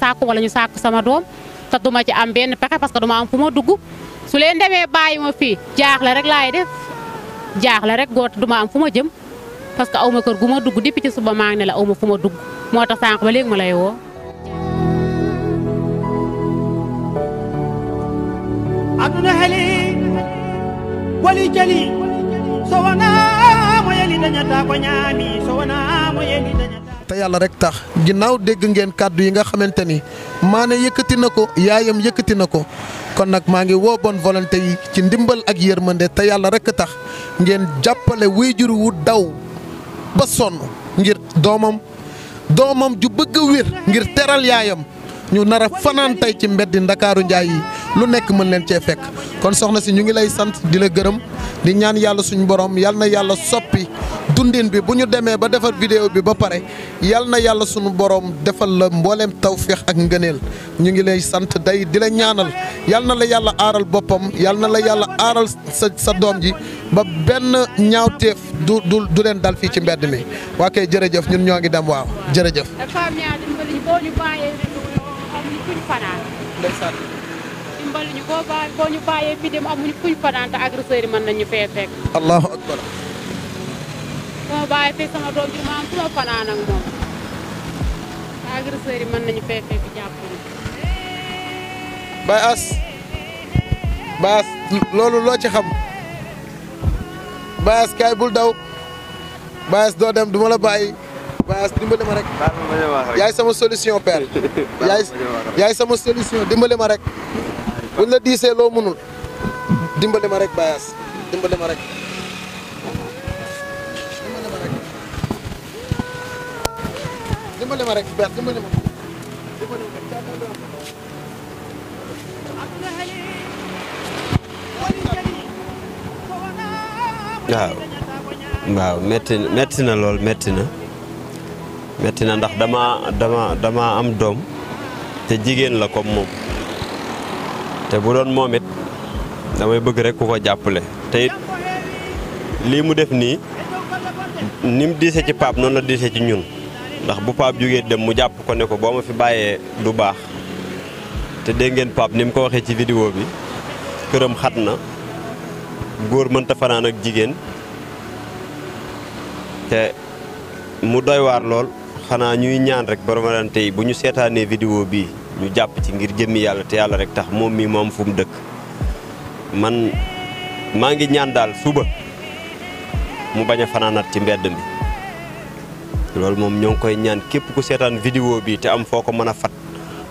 sàkku wala ñu sàkku sama doom ta duma ci am pas pexé parce que duma am fuma ma dugg su leen démé bayima fi jaax la rek lay def la rek goot duma am fuma jëm parce que awma kër dugg depuis ci suba ma ngi la awma fuma dugg ba légui ma lay aduna heli wali jali so wana mo yeli dañata ko ñami so wana mo yeli dañata te yàlla rek tax ginnaaw dégg ngeen kàddu yi nga xamante ni maane yëkkati na ko yaayam yëkkati na ko kon nag maa ngi woo bonne volonté yi ci ndimbal ak yërmande te yàlla rek tax ngeen jàppale wuy juru wu daw ba sonn ngir doomam doomam ju bëgg a ngir teral yaayam ñu nar a fanaan tey ci mbedd ndakaaru njaay yi lu nekk mën leen cee fekk kon soxna si ñu ngi lay sant di la gërëm. di ñaan yàlla suñu boroom yal na yàlla soppi dundin bi bu ñu demee ba defar vidéo bi ba pare yal na yàlla suñu borom defal la mbooleem tawféex ak ngëneel ñu ngi lay sant day di la ñaanal yal na la yàlla aaral boppam yal na la yàlla aaral sa sa doom ji ba benn ñaawteef du du leen dal fii ci mbedd mi waa kay jërëjëf ñun ñoo ngi dem waaw jërëjëf. dimbali ma fanaan ak mën nañu fee fekk jàpp nañu. Baye As loolu loo ci xam Baye As kaay bul daw Baye As doo dem du ma la bàyyi. dimbale ma rek yaay sama solution père yaay sama solution dimbale ma rek buñ la loo mënul dimbali ma rek bayaas waaw metti metti na lool metti na metti na ndax dama dama dama am doom te jigéen la comme moom te bu doon moomit damay bëgg rek ku ko jàppale tey lii mu def nii ni diise ci Pape noonu la diisee ci ñun ndax bu Pape jógee dem mu jàpp ko ne ko boo ma fi bàyyee du baax te dégg ngeen Pape ni ko waxee ci vidéo bi këram xat na góor mënta fanaan ak jigéen te mu doy waar lool xanaa ñuy ñaan rek borom rente tey bu ñu seetaanee vidéo bii. ñu japp ci ngir jëmi yalla te yalla rek tax moom mi mom fu mu man ma ngi ñaan dal suba mu baña fananat ci mbedd mi lool moom ñong koy ñaan képp ku sétane vidéo bi te am foko mëna fat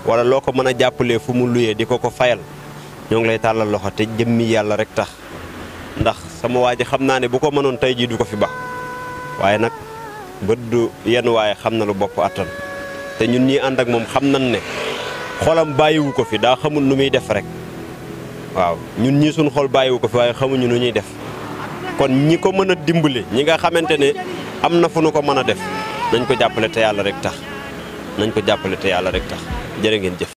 wala loko mëna jappalé fu mu luyé di ko fayal ñong lay talal loxo te jëmi yalla rek tax ndax sama waji xamna xam bu ko mënon tay ji du ko fi baax waye nak bëdd yenn lu atal te ñun ñi and ak mom xamnañ né ne xolam bàyyiwu ko fi daa xamul nu muy def rek waaw ñun ñii suñ xol bàyyiwu ko fi waaye xamuñu nu ñuy def kon ñi ko mën a dimbali ñi nga xamante ne am na fu nu ko mën a def nañ ko jàppale te yàlla rek tax nañ ko jàppale te yàlla rek tax jërë ngeen jëf